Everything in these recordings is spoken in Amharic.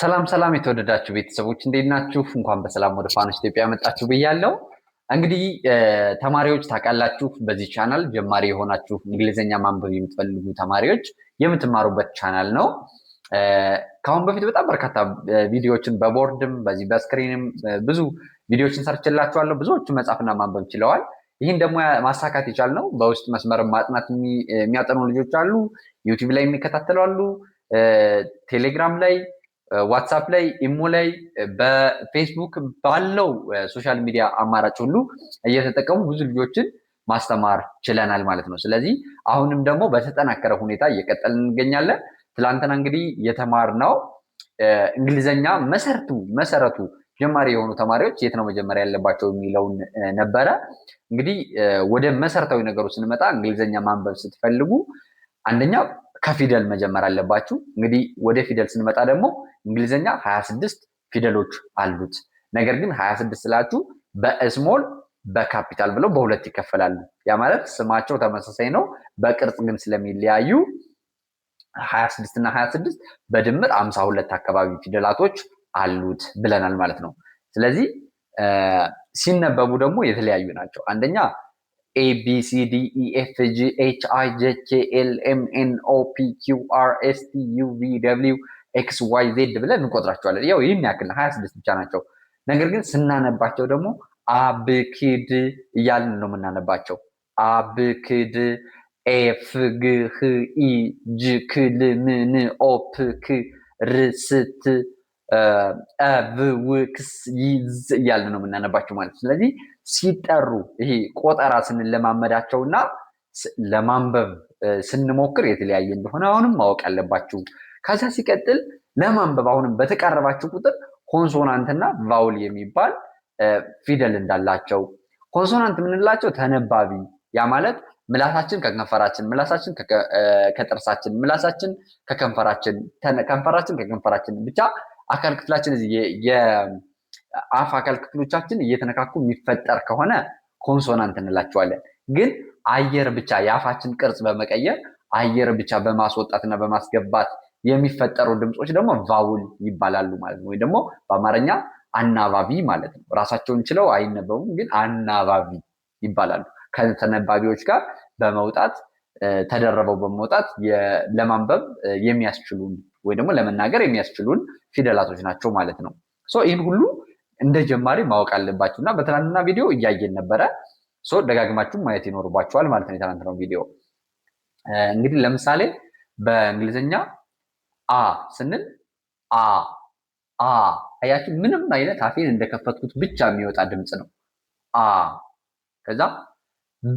ሰላም ሰላም የተወደዳችሁ ቤተሰቦች እንዴት ናችሁ? እንኳን በሰላም ወደ ፋኖስ ኢትዮጵያ መጣችሁ ብያለሁ። እንግዲህ ተማሪዎች ታውቃላችሁ፣ በዚህ ቻናል ጀማሪ የሆናችሁ እንግሊዝኛ ማንበብ የምትፈልጉ ተማሪዎች የምትማሩበት ቻናል ነው። ከአሁን በፊት በጣም በርካታ ቪዲዮዎችን በቦርድም በዚህ በስክሪንም ብዙ ቪዲዮዎችን ሰርችላችኋለሁ። ብዙዎቹ መጻፍና ማንበብ ችለዋል። ይህን ደግሞ ማሳካት የቻልነው በውስጥ መስመር ማጥናት የሚያጠኑ ልጆች አሉ፣ ዩቲዩብ ላይ የሚከታተሉ አሉ፣ ቴሌግራም ላይ ዋትሳፕ ላይ፣ ኢሞ ላይ፣ በፌስቡክ ባለው ሶሻል ሚዲያ አማራጭ ሁሉ እየተጠቀሙ ብዙ ልጆችን ማስተማር ችለናል ማለት ነው። ስለዚህ አሁንም ደግሞ በተጠናከረ ሁኔታ እየቀጠልን እንገኛለን። ትላንትና እንግዲህ የተማርነው እንግሊዘኛ መሰረቱ መሰረቱ ጀማሪ የሆኑ ተማሪዎች የት ነው መጀመሪያ ያለባቸው የሚለውን ነበረ። እንግዲህ ወደ መሰረታዊ ነገሩ ስንመጣ እንግሊዘኛ ማንበብ ስትፈልጉ አንደኛ ከፊደል መጀመር አለባችሁ። እንግዲህ ወደ ፊደል ስንመጣ ደግሞ እንግሊዝኛ 26 ፊደሎች አሉት። ነገር ግን 26 ስላችሁ በስሞል በካፒታል ብለው በሁለት ይከፈላሉ። ያ ማለት ስማቸው ተመሳሳይ ነው፣ በቅርጽ ግን ስለሚለያዩ 26 እና 26 በድምር 52 አካባቢ ፊደላቶች አሉት ብለናል ማለት ነው። ስለዚህ ሲነበቡ ደግሞ የተለያዩ ናቸው። አንደኛ ኤ ኢኤፍጂ ኤች አይ ጄ ኬ ኤል ኤም ኤን ኦ ፒ ኪው አር ኤስ ቲ ዩ ቪ ደብሊው ኤክስ ዋይ ዜድ ብለን እንቆጥራቸዋለን። ያው ይህን ያክል ሀያ ስድስት ብቻ ናቸው። ነገር ግን ስናነባቸው ደግሞ አብኪድ እያልን ነው የምናነባቸው። አብክድ ኤፍ ግህ ኢ ጅ ክል ክ ርስት ብውክስ ይዝ እያልን ነው የምናነባቸው ማለት። ስለዚህ ሲጠሩ ይሄ ቆጠራ ስንለማመዳቸው እና ለማንበብ ስንሞክር የተለያየ እንደሆነ አሁንም ማወቅ ያለባችሁ ከዛ ሲቀጥል ለማንበብ አሁንም በተቃረባችሁ ቁጥር ኮንሶናንትና ቫውል የሚባል ፊደል እንዳላቸው ኮንሶናንት የምንላቸው ተነባቢ ያ ማለት ምላሳችን ከከንፈራችን ምላሳችን ከጥርሳችን ምላሳችን ከከንፈራችን ከንፈራችን ከከንፈራችን ብቻ አካል ክፍላችን የአፍ አካል ክፍሎቻችን እየተነካኩ የሚፈጠር ከሆነ ኮንሶናንት እንላቸዋለን። ግን አየር ብቻ የአፋችን ቅርጽ በመቀየር አየር ብቻ በማስወጣትና በማስገባት የሚፈጠሩ ድምፆች ደግሞ ቫውል ይባላሉ ማለት ነው። ወይ ደግሞ በአማርኛ አናባቢ ማለት ነው። ራሳቸውን ችለው አይነበቡም፣ ግን አናባቢ ይባላሉ። ከተነባቢዎች ጋር በመውጣት ተደረበው በመውጣት ለማንበብ የሚያስችሉን ወይ ደግሞ ለመናገር የሚያስችሉን ፊደላቶች ናቸው ማለት ነው። ይህን ሁሉ እንደ ጀማሪ ማወቅ አለባችሁ እና በትናንትና ቪዲዮ እያየን ነበረ። ደጋግማችሁ ማየት ይኖርባችኋል ማለት ነው። የትናንትናው ቪዲዮ እንግዲህ ለምሳሌ በእንግሊዝኛ አ ስንል አ አ አያችሁ፣ ምንም አይነት አፌን እንደከፈትኩት ብቻ የሚወጣ ድምፅ ነው። አ ከዛ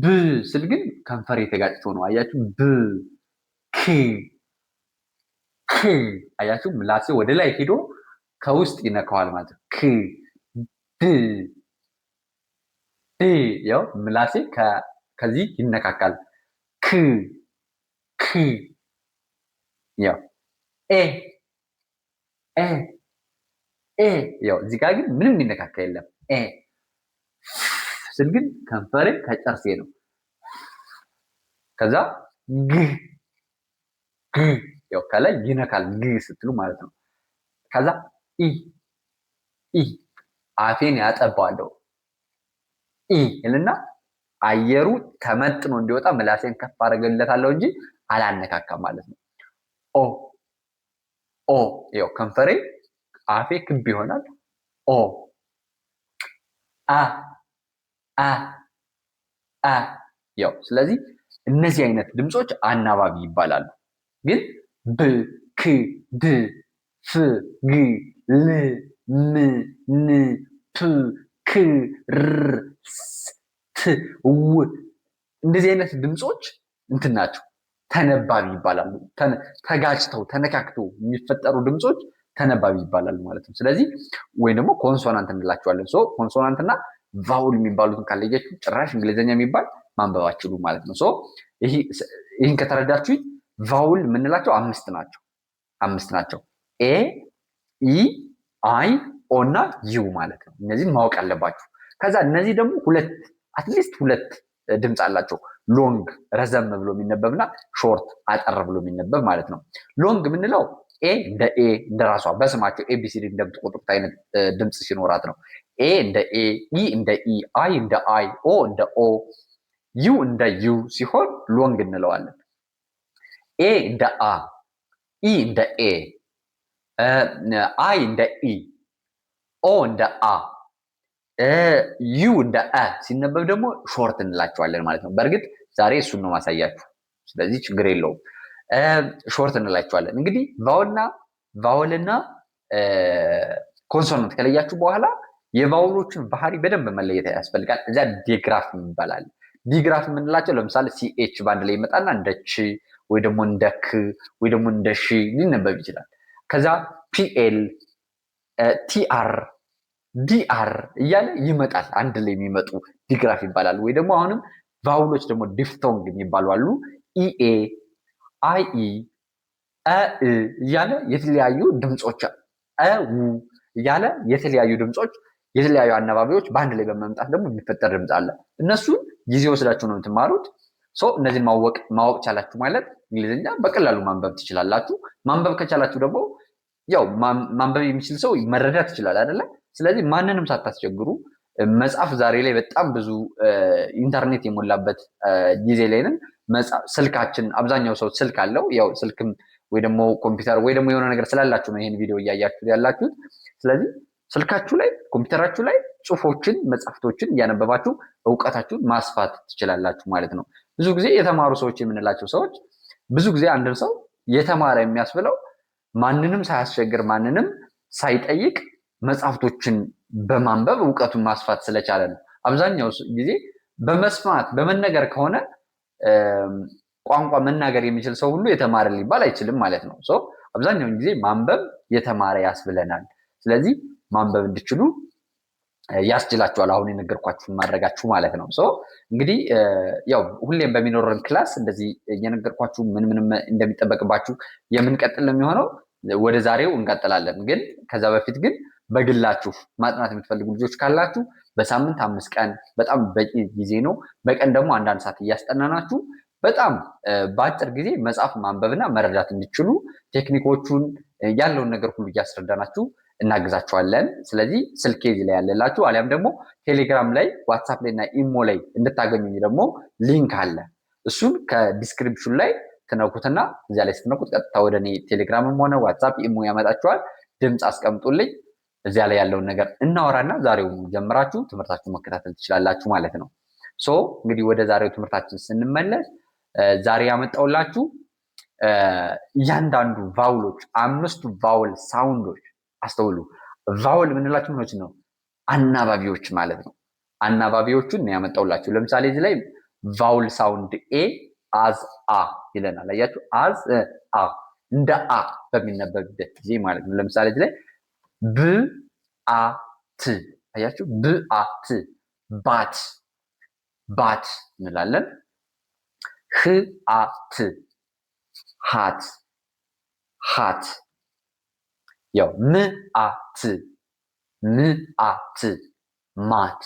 ብ ስል ግን ከንፈር የተጋጭቶ ነው። አያችሁ፣ ብ ክ ክ አያችሁ፣ ምላሴ ወደ ላይ ሄዶ ከውስጥ ይነካዋል ማለት ነው። ክ ብ ብ ያው ምላሴ ከዚህ ይነካካል። ክ ክ ያው ኤ ኤ ኤ ያው እዚህ ጋር ግን ምንም የሚነካካ የለም። ኤ ስል ግን ከንፈሬን ከጨርሴ ነው። ከዛ ግ ግ ያው ከላይ ይነካል ግ ስትሉ ማለት ነው። ከዛ ኢ ኢ አፌን ያጠባዋለሁ። ኢ እልና አየሩ ተመጥኖ እንዲወጣ ምላሴን ከፍ አደረግለታለሁ እንጂ አላነካካም ማለት ነው። ኦ ኦ ያው ከንፈሬ አፌ ክብ ይሆናል። ኦ አ አ አ ያው ስለዚህ እነዚህ አይነት ድምፆች አናባቢ ይባላሉ። ግን ብ ክ ድ ፍ ግ ል ም ን ፕ ክ ር ስ ት ው እንደዚህ አይነት ድምፆች እንትን ናቸው ተነባቢ ይባላሉ። ተጋጭተው ተነካክተው የሚፈጠሩ ድምፆች ተነባቢ ይባላሉ ማለት ነው። ስለዚህ ወይም ደግሞ ኮንሶናንት እንላቸዋለን። ሶ ኮንሶናንት እና ቫውል የሚባሉትን ካለያችሁ ጭራሽ እንግሊዝኛ የሚባል አችሉ ማለት ነው። ሶ ይህን ከተረዳችሁ ቫውል የምንላቸው አምስት ናቸው። አምስት ናቸው። ኤ፣ ኢ፣ አይ፣ ኦ እና ዩ ማለት ነው። እነዚህ ማወቅ አለባችሁ። ከዛ እነዚህ ደግሞ ሁለት አትሊስት ሁለት ድምፅ አላቸው። ሎንግ ረዘም ብሎ የሚነበብ ሾርት አጠር ብሎ የሚነበብ ማለት ነው። ሎንግ የምንለው ኤ እንደ ኤ እንደ ራሷ በስማቸው ኤቢሲዲ እንደምትቆጥሩት አይነት ድምፅ ሲኖራት ነው። ኤ እንደ ኤ፣ ኢ እንደ ኢ፣ አይ እንደ አይ፣ ኦ እንደ ኦ፣ ዩ እንደ ዩ ሲሆን ሎንግ እንለዋለን። ኤ እንደ አ፣ ኢ እንደ ኤ፣ አይ እንደ ኢ፣ ኦ እንደ አ ዩ እንደ አ ሲነበብ ደግሞ ሾርት እንላቸዋለን ማለት ነው። በእርግጥ ዛሬ እሱን ነው ማሳያችሁ። ስለዚህ ችግር የለውም ሾርት እንላቸዋለን። እንግዲህ ቫውልና ቫውልና ኮንሶናንት ከለያችሁ በኋላ የቫውሎችን ባህሪ በደንብ መለየት ያስፈልጋል። እዚያ ዲግራፍ ይባላል። ዲግራፍ የምንላቸው ለምሳሌ ሲኤች በአንድ ላይ ይመጣና እንደ ቺ ወይ ደግሞ እንደ ክ ወይ ደግሞ እንደ ሺ ሊነበብ ይችላል። ከዛ ፒኤል ቲአር ዲአር እያለ ይመጣል። አንድ ላይ የሚመጡ ዲግራፍ ይባላል። ወይ ደግሞ አሁንም ቫውሎች ደግሞ ዲፍቶንግ የሚባሉ አሉ። ኢኤ፣ አይኢ፣ እ እያለ የተለያዩ ድምፆች ው እያለ የተለያዩ ድምፆች የተለያዩ አናባቢዎች በአንድ ላይ በመምጣት ደግሞ የሚፈጠር ድምፅ አለ። እነሱን ጊዜ ወስዳችሁ ነው የምትማሩት። እነዚህን ማወቅ ቻላችሁ ማለት እንግሊዝኛ በቀላሉ ማንበብ ትችላላችሁ። ማንበብ ከቻላችሁ ደግሞ ያው ማንበብ የሚችል ሰው መረዳት ይችላል አይደለም ስለዚህ ማንንም ሳታስቸግሩ መጽሐፍ ዛሬ ላይ በጣም ብዙ ኢንተርኔት የሞላበት ጊዜ ላይ ነን። ስልካችን አብዛኛው ሰው ስልክ አለው። ያው ስልክም ወይ ደግሞ ኮምፒውተር ወይ ደግሞ የሆነ ነገር ስላላችሁ ነው ይህን ቪዲዮ እያያችሁ ያላችሁት። ስለዚህ ስልካችሁ ላይ ኮምፒውተራችሁ ላይ ጽሁፎችን፣ መጽሐፍቶችን እያነበባችሁ እውቀታችሁን ማስፋት ትችላላችሁ ማለት ነው። ብዙ ጊዜ የተማሩ ሰዎች የምንላቸው ሰዎች ብዙ ጊዜ አንድን ሰው የተማረ የሚያስብለው ማንንም ሳያስቸግር ማንንም ሳይጠይቅ መጽሐፍቶችን በማንበብ እውቀቱን ማስፋት ስለቻለ ነው። አብዛኛው ጊዜ በመስማት በመነገር ከሆነ ቋንቋ መናገር የሚችል ሰው ሁሉ የተማረ ሊባል አይችልም ማለት ነው። ሰው አብዛኛውን ጊዜ ማንበብ የተማረ ያስብለናል። ስለዚህ ማንበብ እንዲችሉ ያስችላችኋል። አሁን የነገርኳችሁን ማድረጋችሁ ማለት ነው። ሰው እንግዲህ ያው ሁሌም በሚኖረን ክላስ እንደዚህ እየነገርኳችሁ ምን ምን እንደሚጠበቅባችሁ የምንቀጥል ነው የሚሆነው። ወደ ዛሬው እንቀጥላለን፣ ግን ከዛ በፊት ግን በግላችሁ ማጥናት የምትፈልጉ ልጆች ካላችሁ በሳምንት አምስት ቀን በጣም በቂ ጊዜ ነው። በቀን ደግሞ አንዳንድ ሰዓት እያስጠናናችሁ በጣም በአጭር ጊዜ መጽሐፍ ማንበብና መረዳት እንዲችሉ ቴክኒኮቹን ያለውን ነገር ሁሉ እያስረዳናችሁ እናግዛችኋለን። ስለዚህ ስልኬ እዚህ ላይ ያለላችሁ አሊያም ደግሞ ቴሌግራም ላይ ዋትሳፕ ላይ እና ኢሞ ላይ እንድታገኙኝ ደግሞ ሊንክ አለ። እሱን ከዲስክሪፕሽን ላይ ትነኩትና እዚያ ላይ ስትነኩት ቀጥታ ወደ እኔ ቴሌግራምም ሆነ ዋትሳፕ ኢሞ ያመጣችኋል። ድምፅ አስቀምጡልኝ። እዚያ ላይ ያለውን ነገር እናወራና ዛሬው ጀምራችሁ ትምህርታችሁ መከታተል ትችላላችሁ ማለት ነው። ሶ እንግዲህ ወደ ዛሬው ትምህርታችን ስንመለስ ዛሬ ያመጣውላችሁ እያንዳንዱ ቫውሎች አምስቱ ቫውል ሳውንዶች አስተውሉ። ቫውል የምንላቸው ምኖች ነው? አናባቢዎች ማለት ነው። አናባቢዎቹን ነው ያመጣውላችሁ። ለምሳሌ እዚህ ላይ ቫውል ሳውንድ ኤ አዝ አ ይለናል። አያችሁ፣ አዝ አ እንደ አ በሚነበብበት ጊዜ ማለት ነው። ለምሳሌ እዚህ ላይ b a t አያችሁ ብ አ ት ባት ባት እንላለን። ህ አ ት ሀት ሀት ያው ም አ ት ም አ ት ማት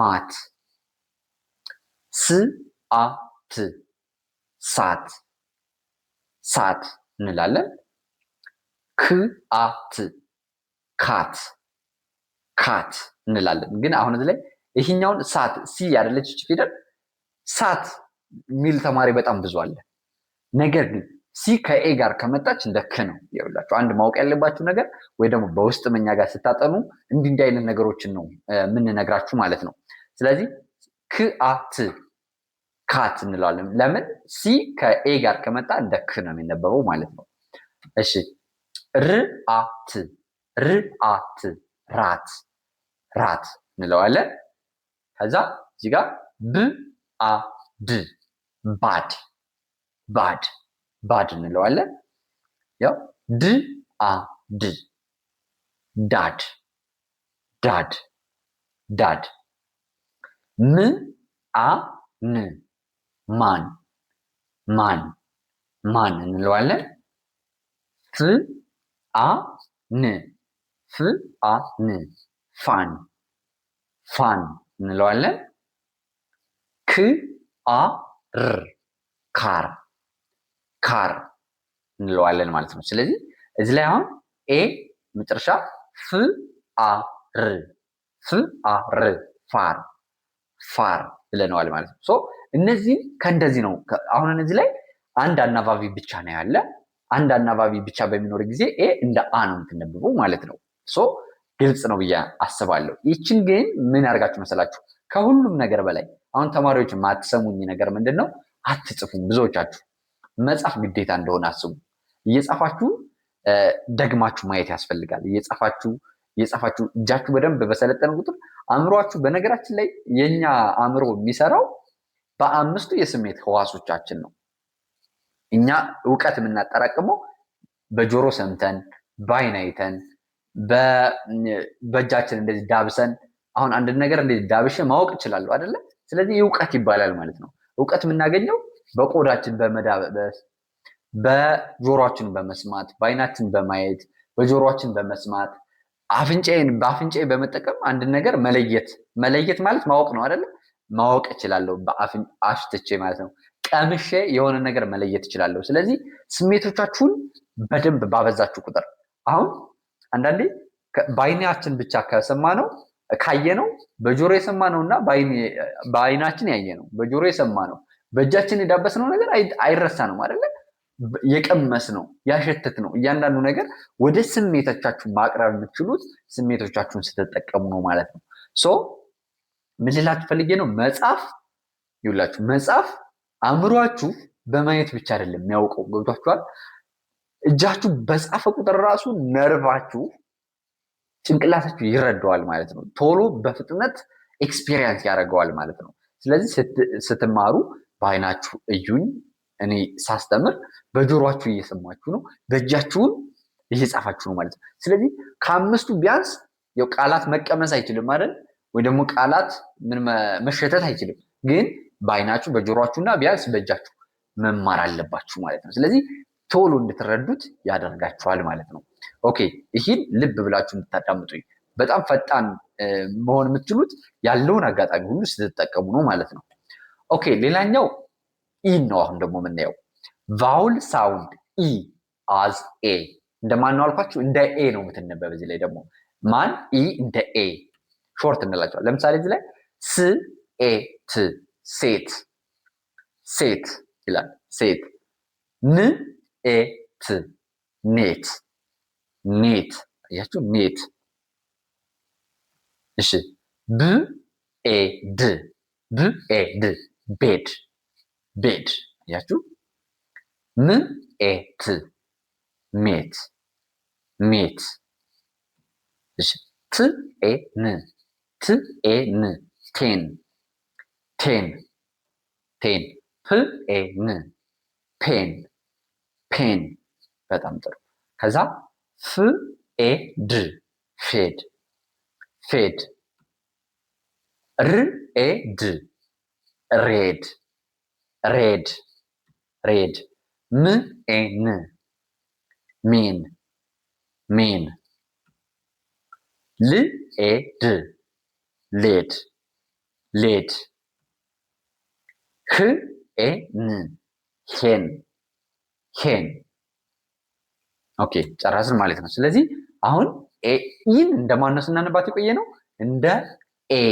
ማት ስ አ ት ሳት ሳት እንላለን። ክ አ ት ካት ካት እንላለን። ግን አሁን እዚህ ላይ ይህኛውን ሳት ሲ ያደለች እች ፊደል ሳት ሚል ተማሪ በጣም ብዙ አለ። ነገር ግን ሲ ከኤ ጋር ከመጣች እንደ ክ ነው። ይኸውላችሁ አንድ ማወቅ ያለባችሁ ነገር ወይ ደግሞ በውስጥ መኛ ጋር ስታጠኑ እንዲህ እንዲህ አይነት ነገሮችን ነው የምንነግራችሁ ማለት ነው። ስለዚህ ክአት ካት እንለዋለን። ለምን ሲ ከኤ ጋር ከመጣ እንደ ክ ነው የሚነበበው ማለት ነው። እሺ ርአት ርአት ራት ራት እንለዋለን። ከዛ እዚህ ጋር ብአድ ባድ ባድ ባድ እንለዋለን። ያው ድአድ ዳድ ዳድ ዳድ ም አ ን ማን ማን ማን እንለዋለን። ፍ አ ን ፍ አ ን ፋን ፋን እንለዋለን። ክ አ ር ካር ካር እንለዋለን ማለት ነው። ስለዚህ እዚህ ላይ አሁን ኤ መጨረሻ ፍ አ ር ፍ አ ር ፋር ፋር ብለነዋል ማለት ነው። ሶ እነዚህ ከእንደዚህ ነው። አሁን እነዚህ ላይ አንድ አናባቢ ብቻ ነው ያለ። አንድ አናባቢ ብቻ በሚኖር ጊዜ ኤ እንደ አ ነው የምትነበበው ማለት ነው። ሶ ግልጽ ነው ብዬ አስባለሁ። ይችን ግን ምን ያደርጋችሁ መሰላችሁ? ከሁሉም ነገር በላይ አሁን ተማሪዎች የማትሰሙኝ ነገር ምንድን ነው? አትጽፉም። ብዙዎቻችሁ መጻፍ ግዴታ እንደሆነ አስቡ። እየጻፋችሁ ደግማችሁ ማየት ያስፈልጋል። እየጻፋችሁ እየጻፋችሁ እጃችሁ በደንብ በሰለጠነ ቁጥር አእምሯችሁ፣ በነገራችን ላይ የኛ አእምሮ የሚሰራው በአምስቱ የስሜት ህዋሶቻችን ነው። እኛ እውቀት የምናጠራቅመው በጆሮ ሰምተን፣ በአይን አይተን በእጃችን እንደዚህ ዳብሰን አሁን አንድ ነገር እንደዚህ ዳብሼ ማወቅ እችላለሁ አይደለ? ስለዚህ እውቀት ይባላል ማለት ነው። እውቀት የምናገኘው በቆዳችን በመዳበስ፣ በጆሮችን በመስማት፣ በአይናችን በማየት፣ በጆሮችን በመስማት፣ አፍንጫዬን በአፍንጫ በመጠቀም አንድ ነገር መለየት መለየት ማለት ማወቅ ነው አይደለ? ማወቅ እችላለሁ አሽትቼ ማለት ነው። ቀምሼ የሆነ ነገር መለየት እችላለሁ። ስለዚህ ስሜቶቻችሁን በደንብ ባበዛችሁ ቁጥር አሁን አንዳንዴ በአይናችን ብቻ ከሰማ ነው ካየ ነው በጆሮ የሰማ ነው እና በአይናችን ያየ ነው በጆሮ የሰማ ነው በእጃችን ነው ነገር አይረሳ ነው አይደለ? የቀመስ ነው ያሸትት ነው። እያንዳንዱ ነገር ወደ ስሜቶቻችሁ ማቅረብ የምትችሉት ስሜቶቻችሁን ስትጠቀሙ ነው ማለት ነው። ሶ ምን ፈልጌ ነው፣ መጽሐፍ ይውላችሁ መጽሐፍ አእምሯችሁ በማየት ብቻ አይደለም የሚያውቀው ገብቷችኋል። እጃችሁ በጻፈ ቁጥር ራሱ ነርቫችሁ ጭንቅላታችሁ ይረደዋል ማለት ነው። ቶሎ በፍጥነት ኤክስፔሪንስ ያደርገዋል ማለት ነው። ስለዚህ ስትማሩ በአይናችሁ እዩኝ፣ እኔ ሳስተምር በጆሮችሁ እየሰማችሁ ነው፣ በእጃችሁም እየጻፋችሁ ነው ማለት ነው። ስለዚህ ከአምስቱ ቢያንስ ያው ቃላት መቀመስ አይችልም አይደል? ወይ ደግሞ ቃላት ምን መሸተት አይችልም። ግን በአይናችሁ በጆሯችሁና ቢያንስ በእጃችሁ መማር አለባችሁ ማለት ነው። ስለዚህ ቶሎ እንድትረዱት ያደርጋችኋል ማለት ነው። ኦኬ ይህን ልብ ብላችሁ እንድታዳምጡኝ በጣም ፈጣን መሆን የምትችሉት ያለውን አጋጣሚ ሁሉ ስትጠቀሙ ነው ማለት ነው። ኦኬ ሌላኛው ኢን ነው። አሁን ደግሞ የምናየው ቫውል ሳውንድ ኢ አዝ ኤ እንደማን ነው አልኳችሁ? እንደ ኤ ነው የምትነበብ። እዚህ ላይ ደግሞ ማን ኢ እንደ ኤ ሾርት እንላቸዋል። ለምሳሌ እዚህ ላይ ስ ኤ ት ሴት ሴት ይላል ሴት ን et, need, need. Yazıyor need. İşte bu edi, bu edi, bed, bed. Yazıyor. M e, et, meat, meat. İşte t e n, t e n, ten, ten, ten. P e n, pen. ፔን። በጣም ጥሩ። ከዛ ፍ ኤ ድ ፌድ ፌድ ር ኤ ድ ሬድ ሬድ ሬድ ም ኤ ን ሚን ሚን ል ኤ ድ ሌድ ሌድ ህ ኤ ን ሄን ሄን ኦኬ ጨረስን ማለት ነው። ስለዚህ አሁን ኢን እንደማን ነው ስናነባት የቆየ ነው እንደ ኤ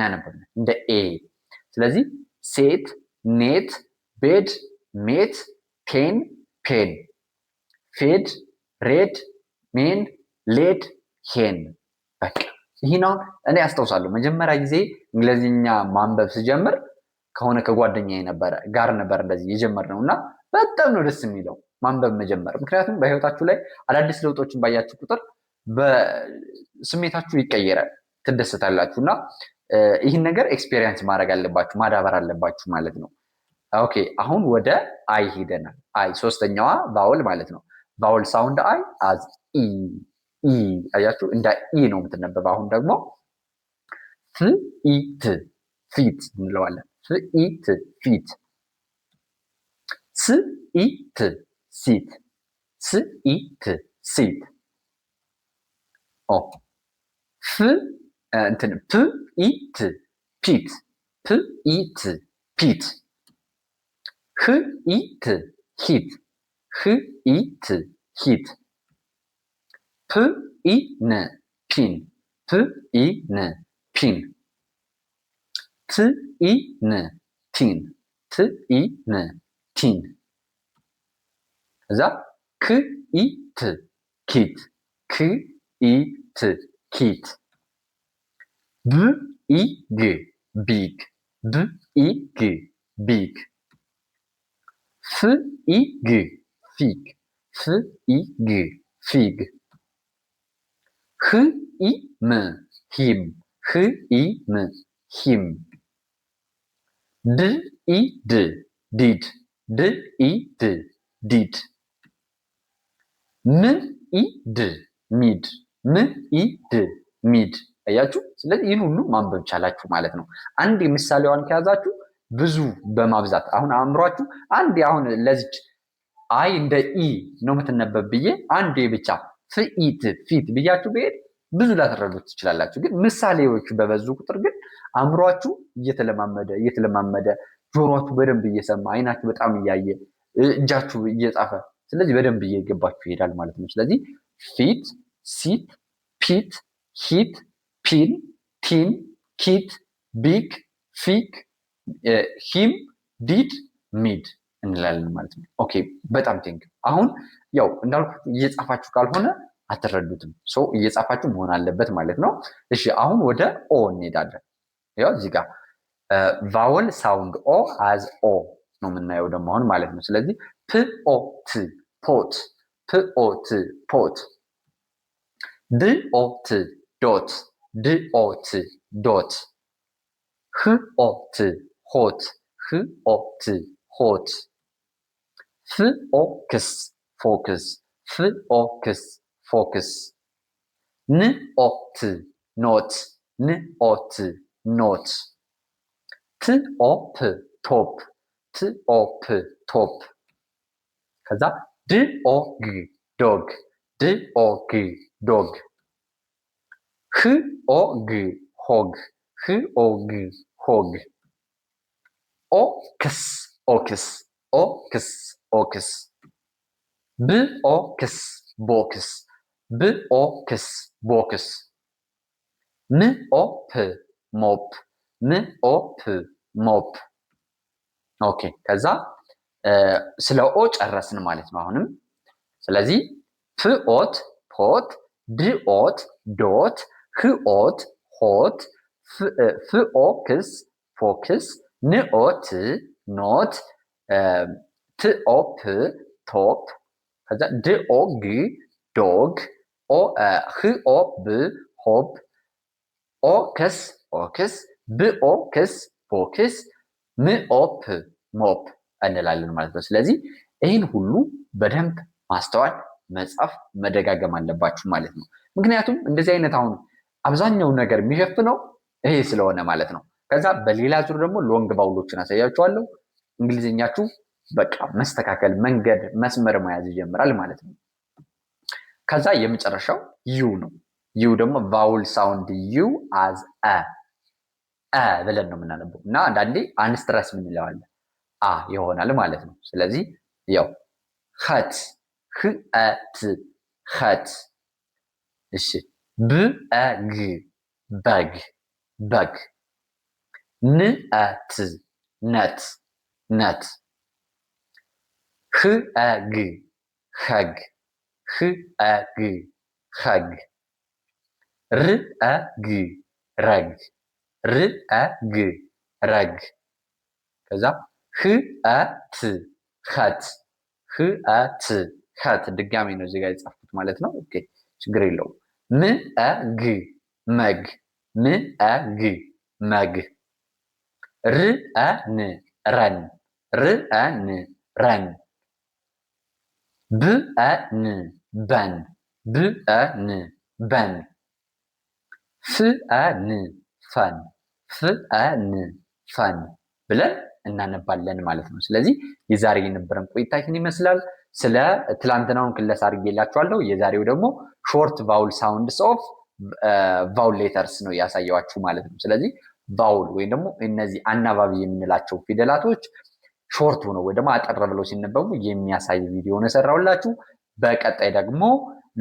ናነበር እንደ ኤ። ስለዚህ ሴት፣ ኔት፣ ቤድ፣ ሜት፣ ቴን፣ ፔን፣ ፌድ፣ ሬድ፣ ሜን፣ ሌድ፣ ሄን። በቃ ይህን አሁን እኔ ያስታውሳለሁ መጀመሪያ ጊዜ እንግሊዝኛ ማንበብ ስጀምር ከሆነ ከጓደኛ ነበረ ጋር ነበር እንደዚህ የጀመርነው እና በጣም ነው ደስ የሚለው ማንበብ መጀመር። ምክንያቱም በህይወታችሁ ላይ አዳዲስ ለውጦችን ባያችሁ ቁጥር ስሜታችሁ ይቀየራል፣ ትደሰታላችሁ እና ይህን ነገር ኤክስፔሪየንስ ማድረግ አለባችሁ ማዳበር አለባችሁ ማለት ነው። ኦኬ አሁን ወደ አይ ሄደናል። አይ ሶስተኛዋ ቫውል ማለት ነው። ቫውል ሳውንድ አይ አዝ ኢ አያችሁ፣ እንደ ኢ ነው የምትነበበ። አሁን ደግሞ ፍኢት ፊት እንለዋለን። ፍኢት ፊት ስኢት ሲት ስኢት ሲት ኦ ፍ እንትን ፕ ኢት ፒት ፕ ኢት ፒት ህ ኢት ሂት ህ ኢት ሂት ፕ ኢን ፒን ፕ ኢን ፒን ት ኢን ቲን ት ኢን ቲን እዛ ክኢት ኪት ክኢት ኪት ብኢግ ቢግ ብኢግ ቢግ ፍኢግ ፊግ ፍኢግ ፊግ ህኢም ሂም ህኢም ሂም ድኢድ ዲድ ድኢድ ዲድ ምን ኢ ድ ሚድ ምን ኢ ድ ሚድ አያችሁ። ስለዚህ ይህን ሁሉ ማንበብ ቻላችሁ ማለት ነው። አንድ ምሳሌዋን ከያዛችሁ ብዙ በማብዛት አሁን አእምሯችሁ አንዴ አሁን ለዚች አይ እንደ ኢ ነው የምትነበብ ብዬ አንዴ ብቻ ፍኢት ፊት ብያችሁ ብሄድ ብዙ ላትረዱት ትችላላችሁ። ግን ምሳሌዎቹ በበዙ ቁጥር ግን አእምሯችሁ እየተለማመደ እየተለማመደ ጆሮችሁ በደንብ እየሰማ አይናችሁ በጣም እያየ እጃችሁ እየጻፈ ስለዚህ በደንብ እየገባችሁ ይሄዳል ማለት ነው። ስለዚህ ፊት፣ ሲት፣ ፒት፣ ሂት፣ ፒን፣ ቲን፣ ኪት፣ ቢክ፣ ፊክ፣ ሂም፣ ዲድ፣ ሚድ እንላለን ማለት ነው። ኦኬ በጣም ቴንክ። አሁን ያው እንዳልኳችሁ እየጻፋችሁ ካልሆነ አትረዱትም። ሶ እየጻፋችሁ መሆን አለበት ማለት ነው። እሺ አሁን ወደ ኦ እንሄዳለን። ያው እዚህ ጋር ቫወል ሳውንድ ኦ አዝ ኦ ነው የምናየው ደግሞ አሁን ማለት ነው። ስለዚህ p-o-t, pot, p-o-t, pot. d-o-t, dot, d-o-t, dot. h-o-t, hot, h-o-t, hot. focus, focus, focus, focus. n-o-t, not, n-o-t, not. t-o-p, top, t-o-p, top. ከዛ ድኦግ ዶግ ድኦግ ዶግ ህኦግ ሆግ ህኦግ ሆግ ኦክስ ኦክስ ኦክስ ኦክስ ብኦክስ ቦክስ ብኦክስ ቦክስ ምኦፕ ሞፕ ምኦፕ ሞፕ ኦኬ ከዛ ስለ ኦ ጨረስን ማለት ነው። አሁንም ስለዚህ ፍኦት ፖት፣ ድኦት ዶት፣ ህኦት ሆት፣ ፍኦክስ ፎክስ፣ ንኦት ኖት፣ ትኦፕ ቶፕ፣ ከዛ ድኦግ ዶግ፣ ህኦብ ሆብ፣ ኦክስ ኦክስ፣ ብኦክስ ቦክስ፣ ምኦፕ ሞፕ እንላለን ማለት ነው። ስለዚህ ይህን ሁሉ በደንብ ማስተዋል፣ መጻፍ፣ መደጋገም አለባችሁ ማለት ነው። ምክንያቱም እንደዚህ አይነት አሁን አብዛኛው ነገር የሚሸፍነው ይሄ ስለሆነ ማለት ነው። ከዛ በሌላ ዙር ደግሞ ሎንግ ቫውሎችን አሳያችኋለሁ። እንግሊዝኛችሁ በቃ መስተካከል፣ መንገድ፣ መስመር መያዝ ይጀምራል ማለት ነው። ከዛ የመጨረሻው ዩ ነው። ዩ ደግሞ ቫውል ሳውንድ ዩ አዝ አ ብለን ነው የምናነበው እና አንዳንዴ አንስትረስ ምንለዋለን አ ይሆናል ማለት ነው። ስለዚህ ያው ኸት ህአት ኸት። እሺ ብአግ በግ በግ ንአት ነት ነት ህአግ ኸግ ህአግ ኸግ ርአግ ረግ ርአግ ረግ ከዛ ህአት ሀት ህአት ሀት ድጋሜ ነው እዚጋ የጻፍኩት ማለት ነው። ኦኬ ችግር የለውም። ምአግ መግ ምአግ መግ ርአን ረን ርአን ረን ብአን በን ብአን በን ፍአን ፈን ፍአን ፈን ብለን እናነባለን ማለት ነው። ስለዚህ የዛሬ የነበረን ቆይታችን ይመስላል። ስለ ትላንትናውን ክለስ አድርጌላችኋለሁ። የዛሬው ደግሞ ሾርት ቫውል ሳውንድስ ኦፍ ቫውል ሌተርስ ነው ያሳየዋችሁ ማለት ነው። ስለዚህ ቫውል ወይም ደግሞ እነዚህ አናባቢ የምንላቸው ፊደላቶች ሾርት ሆነው ወይ ደግሞ አጠር ብለው ሲነበቡ የሚያሳይ ቪዲዮ ነው የሰራሁላችሁ። በቀጣይ ደግሞ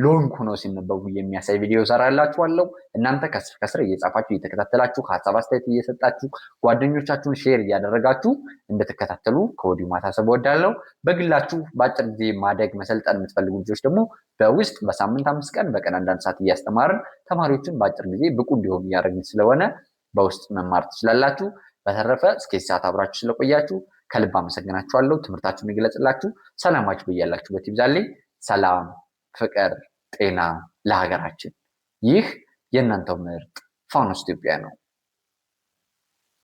ሎንግ ሆኖ ሲነበቡ የሚያሳይ ቪዲዮ ሰራላችኋለሁ። እናንተ ከስር ከስር እየጻፋችሁ እየተከታተላችሁ ሀሳብ አስተያየት እየሰጣችሁ ጓደኞቻችሁን ሼር እያደረጋችሁ እንድትከታተሉ ከወዲሁ ማሳሰብ እወዳለሁ። በግላችሁ በአጭር ጊዜ ማደግ መሰልጠን የምትፈልጉ ልጆች ደግሞ በውስጥ በሳምንት አምስት ቀን በቀን አንዳንድ ሰዓት እያስተማርን ተማሪዎችን በአጭር ጊዜ ብቁ እንዲሆኑ እያደረግን ስለሆነ በውስጥ መማር ትችላላችሁ። በተረፈ እስከ ሰዓት አብራችሁ ስለቆያችሁ ከልብ አመሰግናችኋለሁ። ትምህርታችሁን ይገለጽላችሁ። ሰላማችሁ በያላችሁበት ይብዛልኝ። ሰላም ፍቅር፣ ጤና ለሀገራችን። ይህ የእናንተው ምርጥ ፋኖስ ኢትዮጵያ ነው።